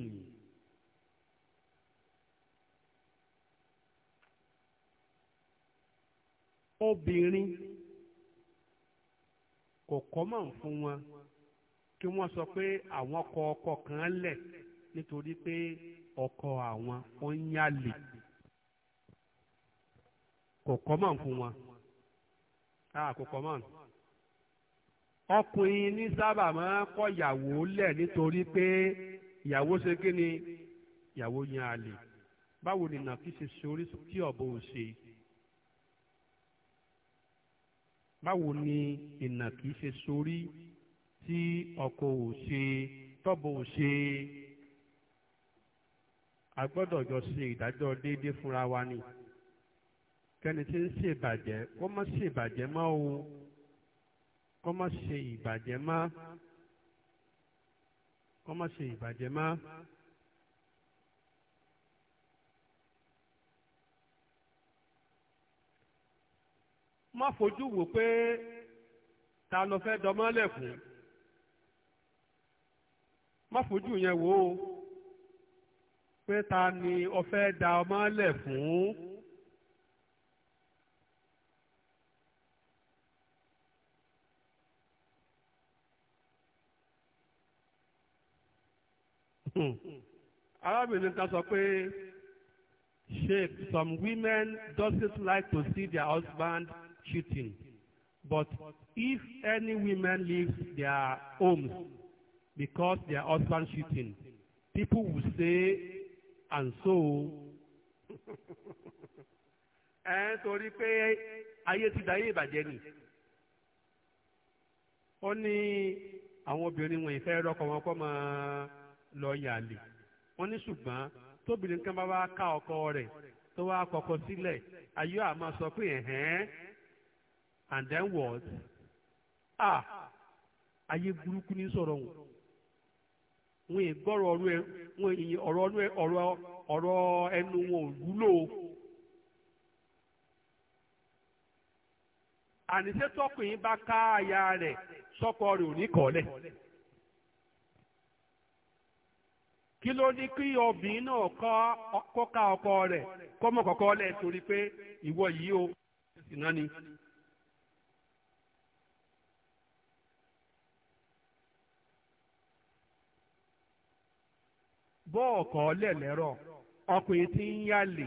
Hmm. obìnrin kò kọ́mọ̀ fún wọn kí wọ́n sọ pé àwọn kọ ọkọ kan lẹ̀ nítorí pé ọkọ àwọn ó ń yálè kò kọ́mọ̀ fún wọn ah, kò kọ́mọ̀ ọkùnrin ní sábà máa ń kọ̀yàwó lẹ̀ nítorí pé ìyàwó ṣe kí ni ìyàwó yan àlè báwo ni nàkí ṣe sori tí ọ̀bọ ò ṣe báwo ni ìnàkí ṣe sori tí ọkọ ò ṣe tọ́bọ ò ṣe a gbọ́dọ̀ jọ ṣe ìdájọ́ déédéé fúnra wa ni kẹ́ni tí ń ṣèbàjẹ́ kó má ṣèbàjẹ́ mọ́ o kó má ṣe ìbàjẹ́ mọ́ kọ́ má ṣe ìbàjẹ́ má. má fojú wò pé ta ló fẹ́ dọmọ́lẹ̀ fún má fojú yẹn wò ó pé ta ni o fẹ́ da ọmọ lẹ̀ Hmm. arábìnrin kan sọ pé sheikh some women doesn't like to see their husband cheating but if any women leave their homes because their husband cheating people will say and so. ẹ ń torí pé ayé ti dayé ìbàjẹ́ ni ó ní àwọn obìnrin wọ̀nyí fẹ́ rọ́kọ̀ wọn kọ́ máa. lọ yàlè wọ́n ní ṣùgbọ́n tóbìnrin kan bá wá ká ọkọ rẹ̀ tó wá kọkọ sílẹ̀ ayé àmọ́ sọ pé ẹ̀hẹ́n and then what ah ayé burúkú ní sọ̀rọ̀ wọn wọn ọrụ ọrụ ọ̀rọ̀ ẹ ọ̀rọ̀ ọ̀rọ̀ ẹnu wọn ò wúlò. àníṣe tọkùnrin bá ká aya rẹ̀ sọ́kọ rẹ̀ ò ní kọ́lẹ̀. kí ló ní kí obìnrin náà kọ́ ká ọkọ rẹ̀ kọ́ mọ̀ kọ́kọ́ lẹ̀ torí pé ìwọ yìí o ìsìná ni. bọ́ọ̀kọ́ lẹ̀lẹ́rọ̀ ọkùnrin tí ń yálè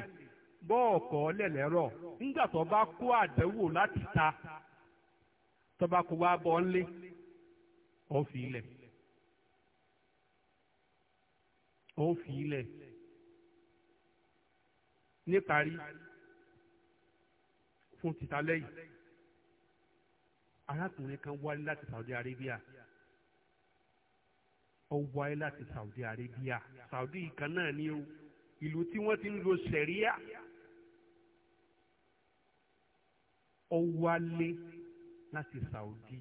bọ́ọ̀kọ́ lẹ̀lẹ́rọ̀ nígbà tó bá kó àdẹ́wò láti ta tó bá kó wá bọ́ ńlé ó fi ilẹ̀. ó fi ilẹ̀ níparí fún títa lẹ́yìn arákùnrin kan wálé láti Saudi Arabia ó wáyé láti Saudi Arabia Saudi kan náà ni o ìlú tí wọ́n ti ń lo sẹ̀ríà ó wálé láti Saudi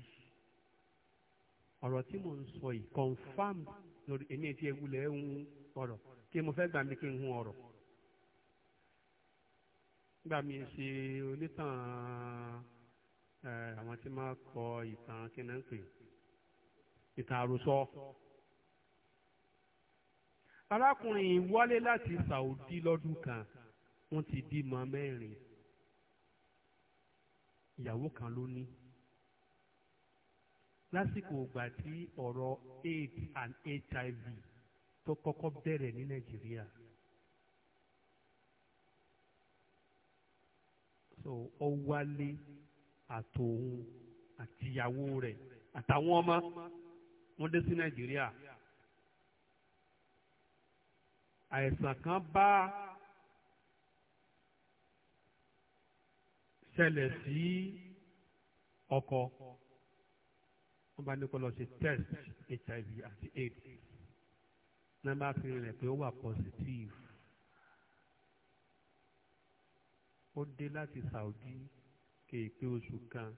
ọ̀rọ̀ tí mò ń sọ yìí confam lórí ẹni tí ẹ wulẹ̀ ń ọ̀rọ̀ kí mo fẹ́ gbà mí kí n hun ọ̀rọ̀ gbà mí ṣe onítàn àwọn tí máa kọ ìtàn kí náà ń pè ìtàn àròsọ. arákùnrin wálé láti Saudi lọ́dún kan wọ́n ti bímọ mẹ́rin ìyàwó kan ló ní lásìkò ìgbà tí ọ̀rọ̀ AIDS and HIV tó kọ́kọ́ bẹ̀rẹ̀ ní nàìjíríà so ó wálé àtòun àtìyàwó rẹ̀ àtàwọn ọmọ wọ́n dé sí nàìjíríà àìsàn kan bá ṣẹlẹ̀ sí ọkọ wọ́n bá ní kó lọ ṣe test hiv àti aids náà bá fi rìn pé ó wà positive ó dé láti Saudi kéèpé oṣù kan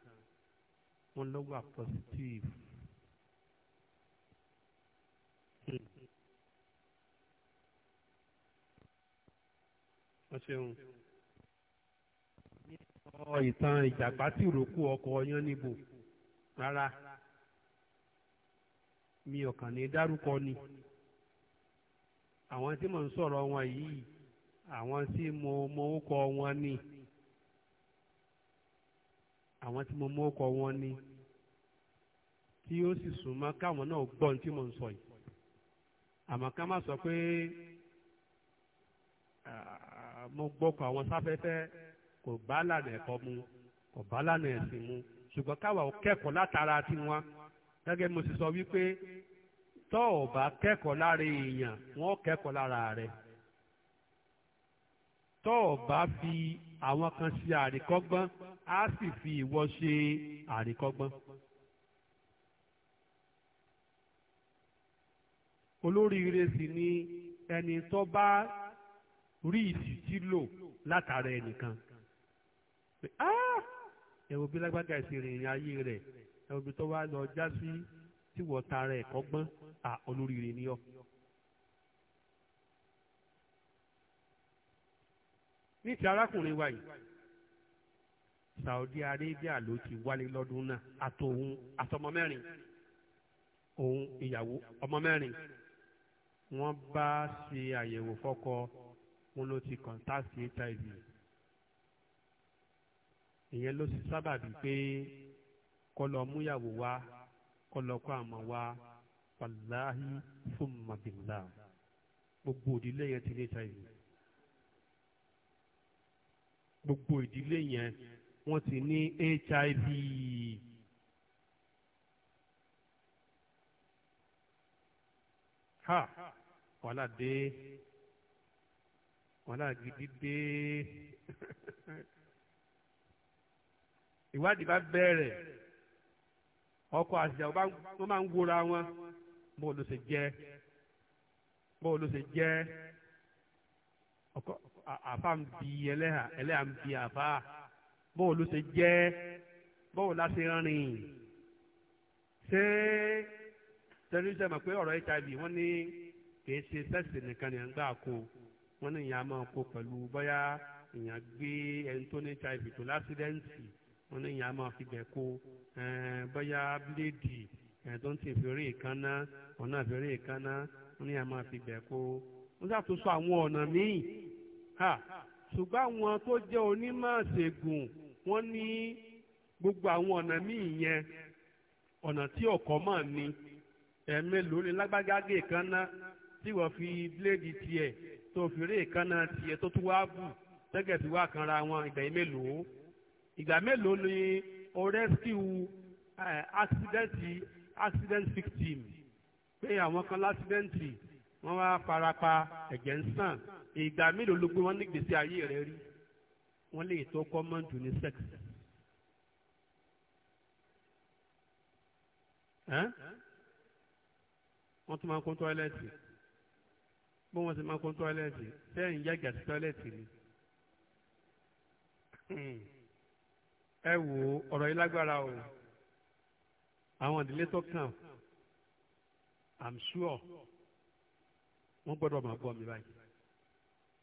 wọ́n lọ wà positive wọ́n ṣeun ọ ìtàn ìjàgbá tí ìrókù ọkọ̀ ọyán níbò rárá mi ò ní dárúkọ ni. Dárúkọ àwọn tí mò ń sọ̀rọ̀ wọn yìí àwọn tí mo mọ́wókọ wọn ni àwọn tí mo mọ́wókọ wọn ni tí ó sì súnmọ́ káwọn náà gbọ́ ohun tí mò ń sọ yìí àmọ́ ká má sọ pé mo gbọ́kọ̀ àwọn sáfẹ́fẹ́ kò bá lànà ẹ̀kọ́ mu kò bá lànà ẹ̀sìn mu ṣùgbọ́n káwa kẹ́kọ̀ọ́ látara tiwọn gẹ́gẹ́ mo sì sọ wípé tọ́ ò bá kẹ́kọ̀ọ́ lára èèyàn wọ́n kẹ́kọ̀ọ́ lára rẹ̀ tọ́ ò bá fi àwọn kan ṣe àríkọ́gbọ́n á sì fi ìwọ ṣe àríkọ́gbọ́n. olóríire sì ni ẹni tó bá rí ìtìjú lò látara ẹnìkan ẹ wo bí lágbága ìsìn ìrìn ayé rẹ̀ ẹ wo bí tó wá lọ já sí tí wọ́n tara ẹ̀ kọ́gbọ́n à olóríire ni ọ́. ní ti arákùnrin wa yìí Saudi Arabia ló ti wálé lọ́dún náà àtòhun àtọmọ mẹ́rin òun ìyàwó ọmọ mẹ́rin wọ́n bá ṣe àyẹ̀wò fọ́kọ wọn ló ti kọ̀ǹtàsì hiv ìyẹn ló sì sábàbí pé kọ́ lọ múyàwó wá kọlọkọ àmọ́ wa wàláhì summa billah gbogbo ìdílé yẹn ti ní hiv gbogbo ìdílé yẹn wọ́n ti ní hiv ha wàhálà dé wàhálà gidi dé ìwádìí bá bẹ̀rẹ̀ ọkọ àti ìyàwó wọ́n máa ń wúra wọn bó ló ṣe jẹ́ bó ló ṣe jẹ́ ọkọ àfa ń bi ẹlẹ́hà ẹlẹ́hà ń bi àfa bó ṣe jẹ́ bó la ṣe rìn ṣé tẹlifíṣàn mọ̀ pé ọ̀rọ̀ hiv wọ́n ní kìí ṣe sẹ́ẹ̀sì nìkan ní àgbà kó wọ́n ní ìyá máa kó pẹ̀lú bóyá èèyàn gbé ẹni tó ní hiv tó lásìdẹ́ǹtì wọn ní ìyá máa fi bẹ̀ kó eh, bóyá bíléèdì eh, tó ń tì fèrè ìkànnà ọ̀nà fèrè ìkànnà wọn ní ìyá máa fi bẹ̀ kó wọn sàtò àwọn ọ̀nà míì ha ṣùgbọ́n àwọn tó jẹ́ onímọ̀ ṣègùn wọ́n ní gbogbo àwọn ọ̀nà míì yẹn ọ̀nà tí ọ̀kọ́ mọ̀ ni ẹ̀ẹ́mẹ́lò ní lágbágágé kan ná tí wọ́n fi bíléèdì tiẹ̀ tó fi rí ìkànnà tiẹ̀ tó tún wá bù tẹ́gẹ̀ fi wá kanra wọn ìgbà yìí mélòó ìgbà mélòó ni o rescue eh, accident accident victim pé àwọn kan lásìdẹ́ǹtì wọ́n wá farapa ẹ̀jẹ̀ ń sàn ìgbà mélòó ló gbé wọn ní gbèsè ayé rẹ rí wọ́n lè tó common to ní sex. wọ́n tún máa ń kó tọ́ẹ́lẹ̀tì bó wọ́n sì máa ń kó tọ́ẹ́lẹ̀tì sẹ́yìn yàgàsí tọ́ẹ́lẹ̀tì ni. Hmm ẹ wò ó ọ̀rọ̀ yìí lágbára o àwọn ìdílé tó kàn i'm sure wọ́n gbọ́dọ̀ máa gbọ́ mi báyìí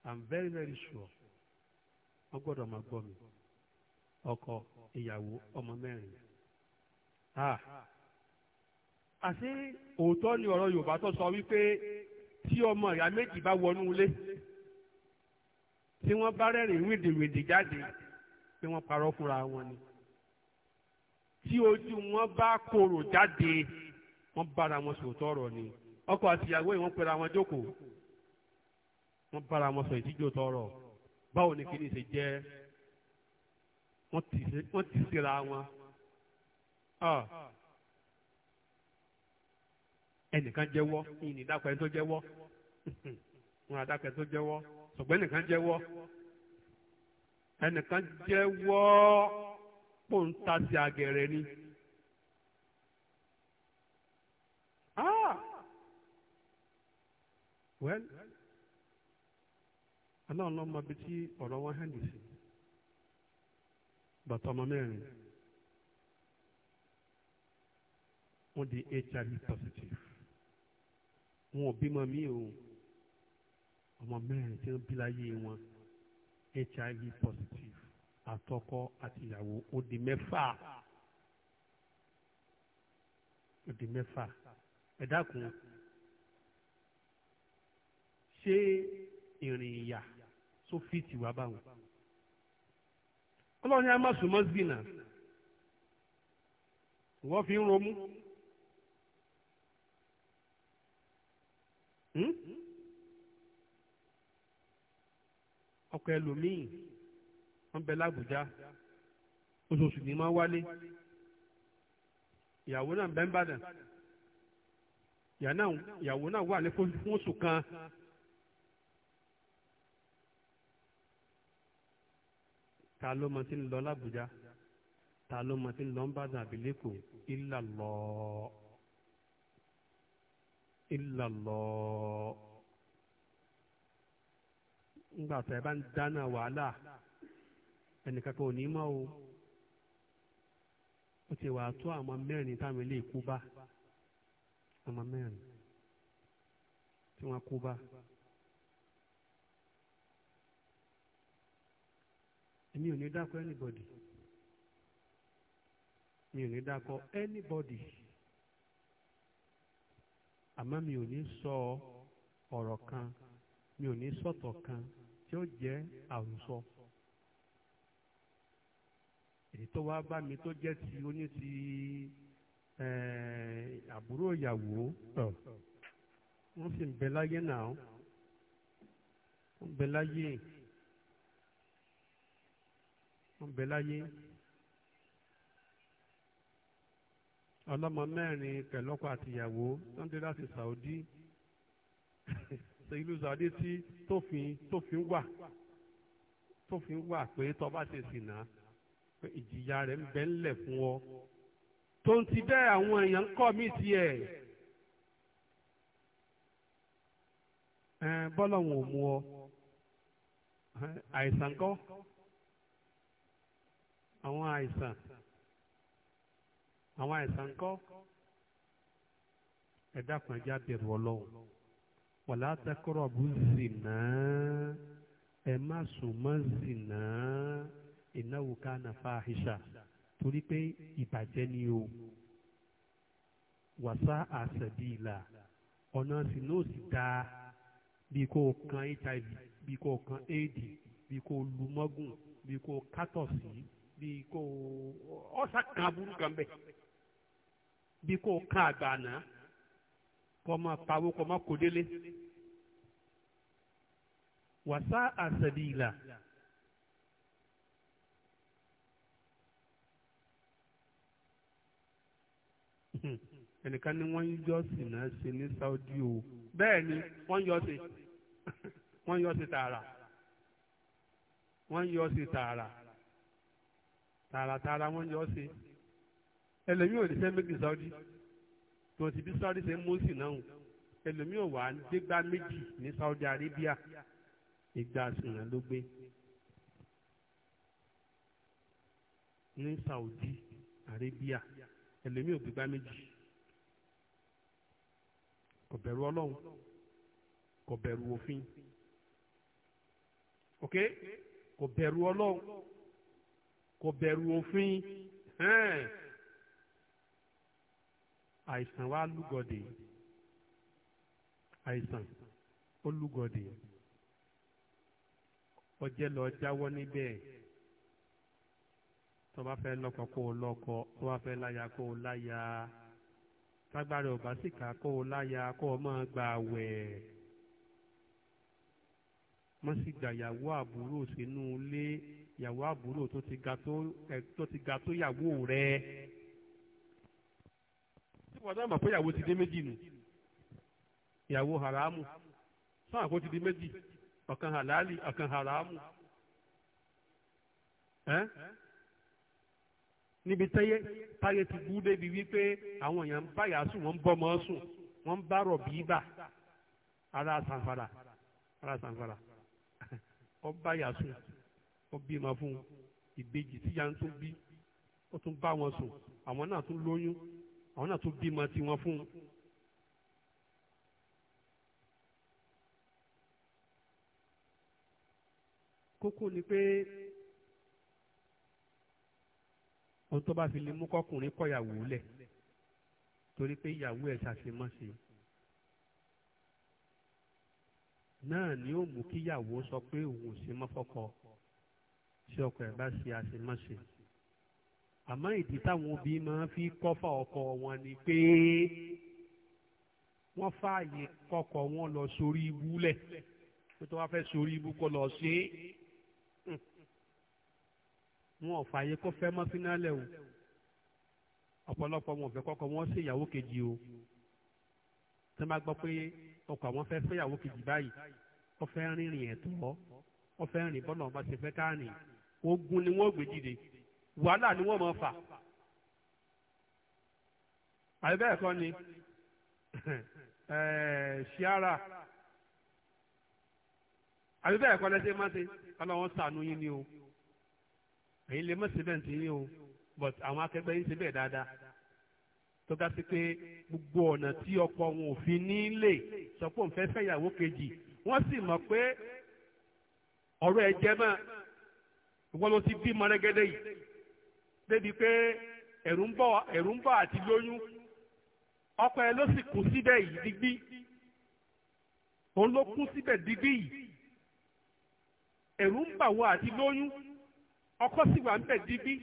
i'm very very sure wọ́n gbọ́dọ̀ máa gbọ́ mi ọkọ ìyàwó ọmọ mẹ́rin àti òótọ́ ni ọ̀rọ̀ Yorùbá tó sọ wípé tí ọmọ ìyá méjì bá wọnú ilé tí wọ́n bá rẹ́rìn wìndìwìndì jáde pé wọ́n parọ́ fúnra wọn ni tí ojú wọn bá korò jáde wọ́n bára wọn sòótọ́ ọ̀rọ̀ ni ọkọ àti ìyàwó yìí wọ́n pera wọn jókòó wọ́n bára wọn sọ ìdíjọ tọrọ báwo ni kìíní ṣe jẹ́ wọ́n ti síra wọn ah. ẹnìkan jẹ́wọ́ ìyìn ìdákọ ẹni tó jẹ́wọ́ wọn àdákọ ẹni tó jẹ́wọ́ ṣùgbọ́n ẹnìkan jẹ́wọ́ ẹnìkan jẹ́wọ́ pòǹtasì àgẹ̀rẹ̀ ni. Ah! Well, aláwọn lọ́mọ bíi tí ọ̀rọ̀ wọn hẹ́ndì sí bàtà ọmọ mẹ́rin wọ́n di HIV positive wọn ò bímọ mí o ọmọ mẹ́rin tí wọ́n bí láyé wọn hiv positive àtọkọ àtìyàwó ó di mẹ́fà ó di mẹ́fà ẹ dákun ṣé ìrìn ìyà tó fìtì wá báwọn ọlọ́run ní a máa sùn zina wọ́n fi ń romú. Hmm? ọkọ ẹlòmíì wọ́n bẹ lábùjá oṣooṣù ni máa wálé ìyàwó náà bẹ ń bàdàn ìyàwó náà wà ní fún oṣù kan. ta ló mọ tí ń lọ lábùjá ta ló mọ tí ń lọ ń bàdàn àbílẹ̀kọ illallah illallah ńgbà tẹ́ bá ń dáná wàhálà ẹnìkan kan ò ní mọ́ o ó ti wà tó àwọn mẹ́rin táwọn ilé ìkú bá àwọn mẹ́rin tí wọ́n kú bá. èmi ò ní dákọ anybody mi ò ní dákọ anybody àmọ́ mi ò ní sọ ọ̀rọ̀ kan mi ò ní sọ̀tọ̀ kan tí ó jẹ́ àròsọ èyí tó wá bá mi tó jẹ́ ti oní ti àbúrò ìyàwó wọ́n sì ń bẹ láyé náà wọ́n ń bẹ láyé wọ́n ń bẹ láyé ọlọ́mọ mẹ́rin pẹ̀lọ́kọ àtìyàwó tó ń dé láti Saudi. ìlú zàdé tí tófin tófin wà tófin wà pé tó bá ṣe ṣìnà pé ìjìyà rẹ̀ ń bẹ ńlẹ̀ fún ọ tó ń ti bẹ́ẹ̀ àwọn èèyàn ń kọ́ mí tiẹ̀ bọ́lọ̀hún ò mú ọ àìsàn kọ́ àwọn àìsàn àwọn àìsàn kọ́ ẹ dákun já bẹ̀rù ọlọ́run wàlá taqrabu zìnà ẹ má sùn mọ́ zìnà innahu kana fahisha torí pé ìbàjẹ́ ni o wàsá àṣẹbíìlà ọ̀nà sínú òsì dáa bí kò kan hiv bí kò kan aids bí kò lu mọ́gùn bí kò kátọ̀sí bí kò ọ̀sà kan burúkú kan bẹ́ẹ̀ bí kò kan àgbàna kọ́ máa pawó kọ́ máa kó délé wàsá àṣẹbìlà ẹnìkan ni wọ́n ń yọ sìnà ṣe ní Saudi o bẹ́ẹ̀ ni wọ́n yọ sí wọ́n yọ sí tààrà wọ́n yọ sí tààrà tààràtààrà wọ́n yọ sí ẹlẹ́yìn ò ní sẹ́mẹ́kì Saudi tó ti bí Saudi ṣe ń mú sí náà ẹlòmíì ò wá dégbà méjì ní Saudi Arabia ìgbà àsìnà ló gbé ní Saudi Arabia ẹlòmíì ò gbégbá méjì kò bẹ̀rù Ọlọ́run kò bẹ̀rù òfin ok kò bẹ̀rù Ọlọ́run kò bẹ̀rù òfin hẹ́ẹ̀ àìsàn wa lúgọdè àìsàn ó lúgọdè ọjẹ lọ jáwọ́ níbẹ̀ tó bá fẹ́ lọ́kọ kó o lọ́kọ tó bá fẹ́ láya kó o láya tágbára ò bá sì ká kó o láya kó o máa gba àwẹ̀ wọ́n sì gbà yàwó àbúrò sínú ilé yàwó àbúrò tó ti ga tó yàwó rẹ̀ wọ́n dá mọ̀ pé ìyàwó ti dé méjì nù ìyàwó haramu fún àpò ti di méjì ọ̀kan halali ọ̀kan haramu ẹ́ níbi tẹ́yẹ táyé ti bú débi wípé àwọn èèyàn ń bá yàásù wọ́n ń bọ́mọ sùn wọ́n ń bá rọ̀bì bà ara sanfara ara sanfara ó bá yàásù ó bímọ fún ìbejì tíya ń tún bí ó tún bá wọn sùn àwọn náà tún lóyún àwọn náà tún bímọ tiwọn fún un. kókó ni pé ohun tó bá fi lè mú kọkùnrin kọyàwó lẹ̀ torí pé ìyàwó ẹ̀ ṣàṣemọ́ṣe náà ni ó mú kíyàwó sọ pé òun ò ṣe mọ́ fọ́kọ tí ọkọ ẹ̀ bá ṣe àṣemọ́ṣe àmọ́ ìdí táwọn òbí máa fi kọ́fà ọkọ wọn ni pé wọ́n fààyè kọ́kọ́ wọn lọ sórí ibú lẹ̀ pé tó wá fẹ́ sórí ibú kó lọ sí hm. wọn ò fààyè kó fẹ́ mọ́ fínálẹ̀ o ọ̀pọ̀lọpọ̀ wọn ò fẹ́ kọ́kọ́ wọn sí ìyàwó kejì o tí wọ́n bá gbọ́ pé ọkọ àwọn fẹ́ fẹ́ ìyàwó kejì báyìí wọ́n fẹ́ rìnrìn ẹ̀tọ́ wọ́n fẹ́ rìn bọ́lọ̀ ọba ṣe fẹ́ káàní ogun ni wọ́n gbé dìde wàhálà ni wọ́n mọ̀ fà àbí bẹ́ẹ̀ kọ́ ni ṣiara eh, àbí bẹ́ẹ̀ kọ́ lẹ́sẹ̀ máa ṣe ọlọ́wọ́n sànú yín ni o èyí lè mọ̀ síbẹ̀ ní yín o but àwọn akẹgbẹ́ yín síbẹ̀ dáadáa tó ga sí pé gbogbo ọ̀nà tí ọkọ wọn ò fi ní lè sọ pé òun fẹ́ fẹ́ ìyàwó kejì wọ́n sì mọ̀ pé ọ̀rọ̀ ẹ̀ jẹ́ mọ́ ìwọ́n ló ti bímọ rẹ́gẹ́dẹ́ yìí débi pé ẹ̀rù ń bọ̀ ẹ̀rù ń bọ̀ àti lóyún ọkọ ẹ ló sì kú síbẹ̀ yìí digbí òun ló kú síbẹ̀ digbí yìí ẹ̀rù ń bà wọ àti lóyún ọkọ sì wà ń bẹ̀ digbí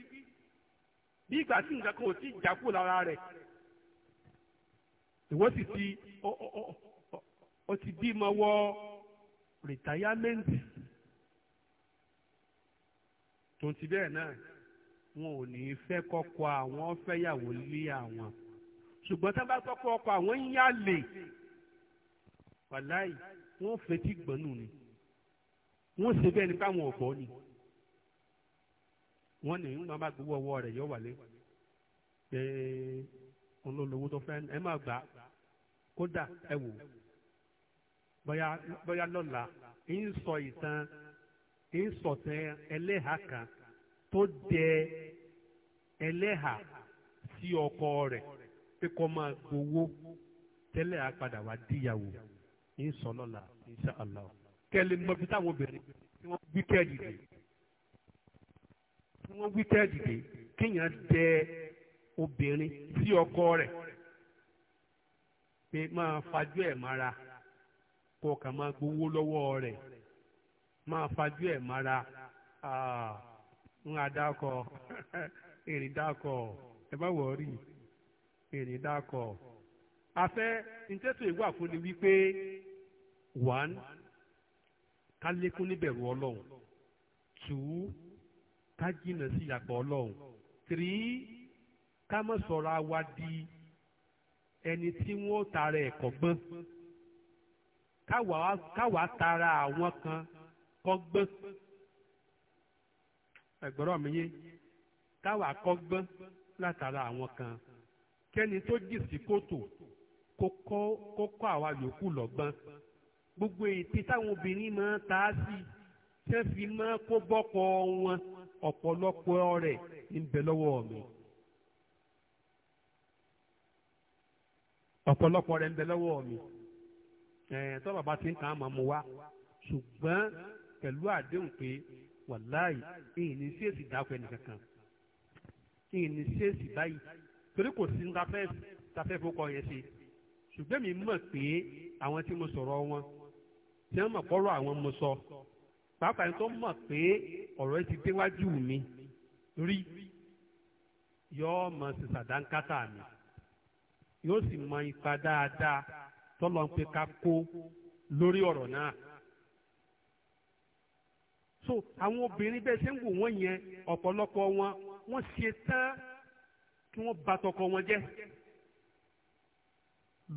bí ìgbà tí nǹkan kan ò tí ì jákù lára rẹ̀ ìwọ sì ti ó ti bímọ wọ rìtáyámẹ́ǹtì tó ti bẹ́ẹ̀ náà wọn ò ní fẹ́ kọ́kọ́ àwọn fẹ́yàwó lé àwọn ṣùgbọ́n tá bá kọ́kọ́ ọkọ àwọn ń yálè wàláì wọ́n fetí gbọ́nù ni wọ́n ṣe bẹ́ẹ̀ ni káwọn ọ̀gbọ́ ni wọ́n ní ń máa gbowó ọwọ́ rẹ̀ yọ wálé pé olólùwò tó fẹ́ ẹ má gbà kódà ẹ wò bóyá bóyá lọ́la ń sọ ìtàn ń sọ̀tàn ẹlẹ́hàá kan. tó dẹ ẹlẹ́hà sí ọkọ rẹ̀ pé kó máa gbowó tẹ́lẹ̀ àpadà wá díyàwó ìsọlọ́la inṣàlá kẹ́lẹ́ mọ́bí táwọn obìnrin tí wọ́n wíkẹ́ẹ̀dì dé tí wọ́n wíkẹ́ẹ̀dì dé kéèyàn dẹ obìnrin sí ọkọ rẹ̀ pé máa fajú ẹ̀ mara kó kà máa gbowó lọ́wọ́ rẹ̀ máa fajú ẹ̀ mara. Ah, ń adákọ ìrìn dákọ ẹ má wọrí ìrìn dákọ afẹ́ ìtẹ́tù ìwà fún ni wípé one ká lékún níbẹ̀rù ọlọ́run two ká jìnnà sí ìyàpọ̀ ọlọ́run three ká má sọ̀rọ̀ àwa di ẹni tí wọ́n tara ẹ̀kọ́ gbọ́n káwa tara àwọn kan kọ́gbọ́n ẹ̀gbọ́rọ̀ mi yé táwa kọ́gbọ́n látara àwọn kan kẹ́ni tó jì sí kòtò kó kọ́ àwa yòókù lọ́gbọ́n gbogbo ète táwọn obìnrin máa ta á sí tẹ́ fi máa kó bọ́kọ wọn ọ̀pọ̀lọpọ̀ rẹ̀ ń bẹ lọ́wọ́ mi. ọ̀pọ̀lọpọ̀ rẹ̀ ń bẹ lọ́wọ́ mi ẹ̀ tọ́ bàbá ti ń kàn án mọ́ mu wá ṣùgbọ́n pẹ̀lú àdéhùn pé wàláì èyí ní sí èsì dákọ ẹnì kankan èyí ní sí èsì báyìí torí kò sí ntafẹ́ tafẹ́ fọkọ yẹn ṣe ṣùgbọ́n mi mọ̀ pé àwọn tí mo sọ̀rọ̀ wọn tí wọ́n mọ̀ kọ́rọ̀ àwọn mo sọ pàápàá ẹni tó mọ̀ pé ọ̀rọ̀ ẹ ti déwájú mi rí yọ́ọ́ mọ̀ sí mi yóò sì mọ ipa dáadáa tọ́lọ́ ń ká kó lórí ọ̀rọ̀ náà so àwọn obìnrin bẹ́ẹ̀ ṣe ń wò wọ́n yẹn ọ̀pọ̀lọpọ̀ wọn wọ́n ṣe tán kí wọ́n ba tọkọ wọn jẹ́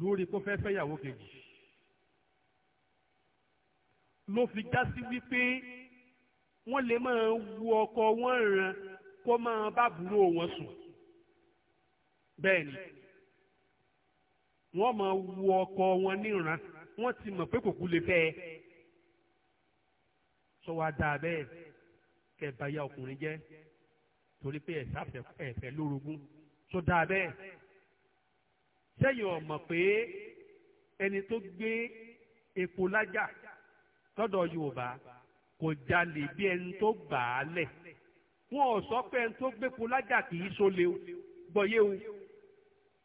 lórí kó fẹ́ fẹ́yàwó kejì ló fi já sí wípé wọ́n lè máa wu ọkọ wọn ràn kó máa bá àbúrò wọn sùn bẹ́ẹ̀ ni wọ́n máa wu ọkọ wọn níran wọ́n ti mọ̀ pé kòkú lè fẹ́ ẹ sọ wá dáa bẹ́ẹ̀ kẹ bá ya ọkùnrin jẹ́ torí pé ẹ̀ sáfẹ́ ẹ̀fẹ́ lórogún sọ da bẹ́ẹ̀ sẹ́yìn ọ̀mọ̀ pé ẹni tó gbé epo lájà lọ́dọ̀ Yorùbá kò jalè bí ẹni tó bà á lẹ̀ wọn ò sọ pé ẹni tó gbé epo lájà kì í sólè o gbọ́yé o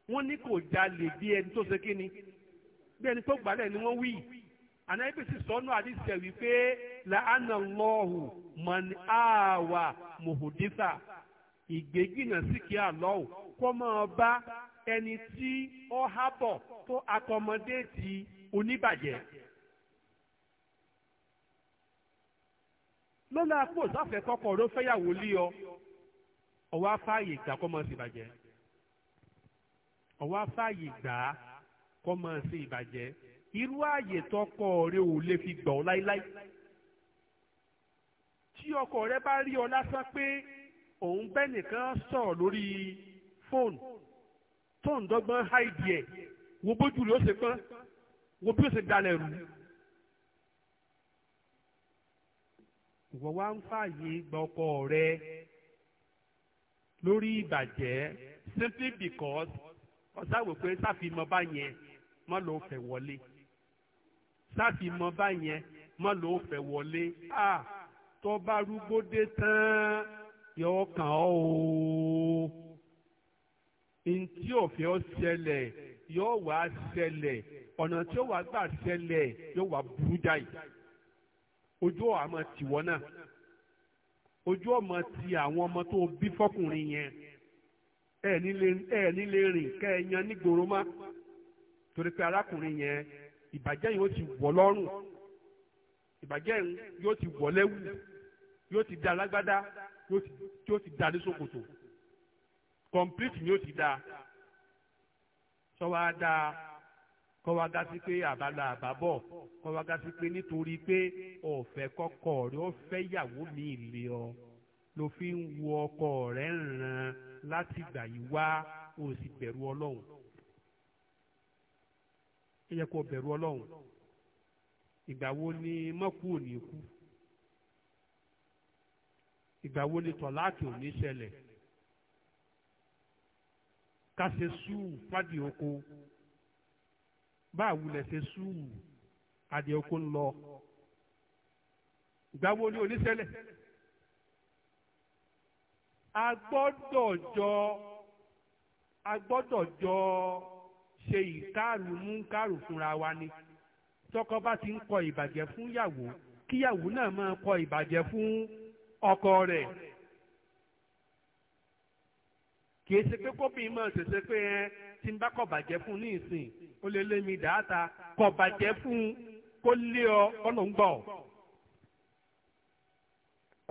wọ́n ní kò jalè bí ẹni tó ṣe kíni bí ẹni tó gbà á lẹ̀ ni wọ́n wí yìí anabi sì sọnù àdìsẹ wípé làánà lọhùn mọni àwà mùhùdísà ìgbégínà síkì àlọhùn kọ máa bá ẹni tí ó hábọ tó akọmọdéètì oníbàjẹ́. lọ́la kó sáfẹ́ kọ́kọ́ ló fẹ́yàwó lé ọ ọwọ́ afáàyè gbà kọ́ máa ṣe ìbàjẹ́ ọwọ́ afáàyè gbà kọ́ máa ìbàjẹ́ irú ààyè tọkọ rẹ ò lè fi gbà ọ́ láíláí tí ọkọ rẹ bá rí ọ lásán pé òun bẹ́ nìkan sọ̀rọ̀ lórí fóònù tó ń dọ́gbọ́n háìdì ẹ̀ wo bójú rẹ̀ ó ṣe pọ́n wo bí ó ṣe dalẹ̀ rù. ìwọ wá ń fààyè gba ọkọ rẹ lórí ìbàjẹ́ simply because ọ̀sá wò pé sáfìmọ̀ bá yẹn mọ́ ló fẹ́ wọlé láti mọ báyẹn mọ ló fẹ́ wọlé a tó bá rúgbó dé tán yọ kàn ọ́ o ntí òfin ó ṣẹlẹ̀ yóò wá ṣẹlẹ̀ ọ̀nà tí ó wá gbà ṣẹlẹ̀ yóò wá burú jáì ojú ọ̀ àmọ́ tìwọ́ náà ojú ọmọ ti àwọn ọmọ tó bí fọkùnrin yẹn ẹ nílé rìn kẹ ẹ yan nígboro má torí pé arákùnrin yẹn ìbàjẹ́ yóò ti wọ̀ lọ́rùn ìbàjẹ́ yóò ti wọ̀ lẹ́wù yóò ti da lágbádá yóò ti da ní ṣòkòtò complete ni yóò ti da sọ́wọ́ á da kọ́wá gá sí pé àbálọ àbábọ̀ kọ́wá gá sí pé nítorí pé ọ̀fẹ́ kọ́kọ́ rẹ ó fẹ́ yàwó mi ìlé ọ ló fi ń wo ọkọ rẹ ń ràn láti gbà yí wá o sì bẹ̀rù ọlọ́run ó yẹ kó bẹ̀rù ọlọ́run ìgbà wo ni mọ́kù ò ní kú ìgbà wo ni tọ̀láàkì ò ní ṣẹlẹ̀ ká ṣe sùúrù fádìí oko báwo lẹ ṣe sùúrù adìẹ oko ń lọ ìgbà wo ni ò a gbọ́dọ̀ jọ a gbọ́dọ̀ jọ ṣe ìkárù mú kárù fúnra wa ni tọkọ bá ti ń kọ ìbàjẹ́ fún yàwó kíyàwó náà máa kọ ìbàjẹ́ fún ọkọ rẹ̀ kìí ṣe pé kóbìnrin máa ṣẹ̀ṣẹ̀ pé ẹ tí ń bá kọ̀ bàjẹ́ fún ní ìsìn ó lè lé mi dáadáa kọ̀ bàjẹ́ fún kó lé ọ ọlọ́ngbọ̀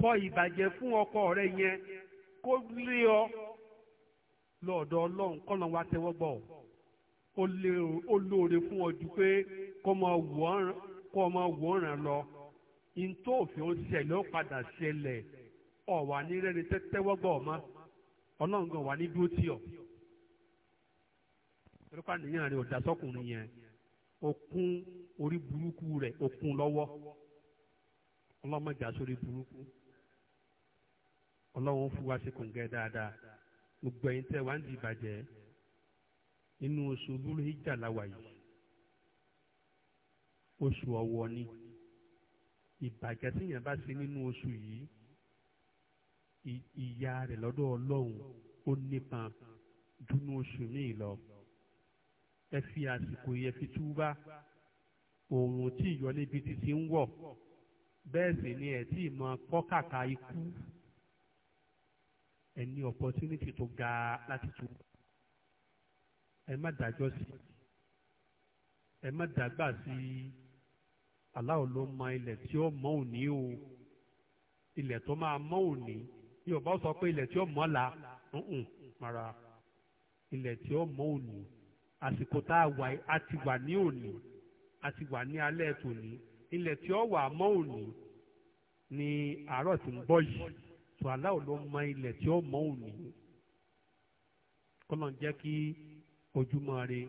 kọ ìbàjẹ́ fún ọkọ rẹ̀ yẹn kó lé ọ lọ́dọ̀ ọlọ́run kọ́ lọ́n wá tẹ́wọ́ gbọ́ ó fún ọ pé kó ọmọ wòran lọ ntó òfin ó ṣẹlẹ̀ ó padà ṣẹlẹ̀ ọ̀wà ní rẹ́ni tẹ́tẹ́wọ́gbọ̀ ọ̀ma ọlọ́run gan wà ní dúró tì ọ́ torípa nìyẹn rẹ ọ̀dàsọ́kùnrin yẹn okun orí burúkú rẹ̀ okun lọ́wọ́ ọlọ́mọjà sórí burúkú ọlọ́run fún wa sí kòǹgẹ́ dáadáa gbogbo ẹ̀yin tẹ́ wá ń di ìbàjẹ́. inú oṣù lúrẹ́jà láwà yìí oṣù ọ̀wọ̀ ni ìbàjẹ́ tíyàn bá ṣe nínú oṣù yìí ìyà rẹ̀ lọ́dọ̀ ọlọ́run ó nípa dúnú oṣù míì lọ ẹ fi àsìkò yẹ fi túbá òòrùn tí ìyọ níbi ti ti ń wọ̀ bẹ́ẹ̀ sì ni ẹ̀ tí ìmọ̀ kọ́kàkà ikú ẹ ní opportunity tó ga láti túbá ẹ má dájọ́ sí ẹ má dàgbà sí Allah ló mọ ilẹ̀ tí ó mọ òní o ilẹ̀ tó máa mọ òní yóò sọ pé ilẹ̀ tí ó mọ la nùn mara ilẹ̀ tí ó mọ òní àsìkò tá a wà á ti wà ní òní a ti wà ní alẹ́ tòní ilẹ̀ tí ó wà mọ́ òní ni àárọ̀ tí ń bọ̀ yìí tó aláwọ̀ ló mọ ilẹ̀ tí ó mọ́ òní kọ́lọ̀ jẹ́ kí ojúmọ́ rí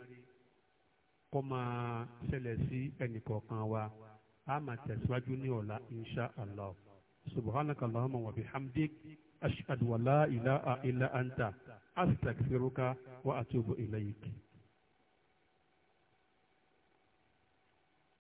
kó máa ṣẹlẹ̀ sí ẹnìkọ̀ọ̀kan wa a máa tẹ̀síwájú ní ọ̀la insha allah subhanaka allahumma wa bihamdik ashhadu an la ilaha illa anta astaghfiruka wa atubu ilayk.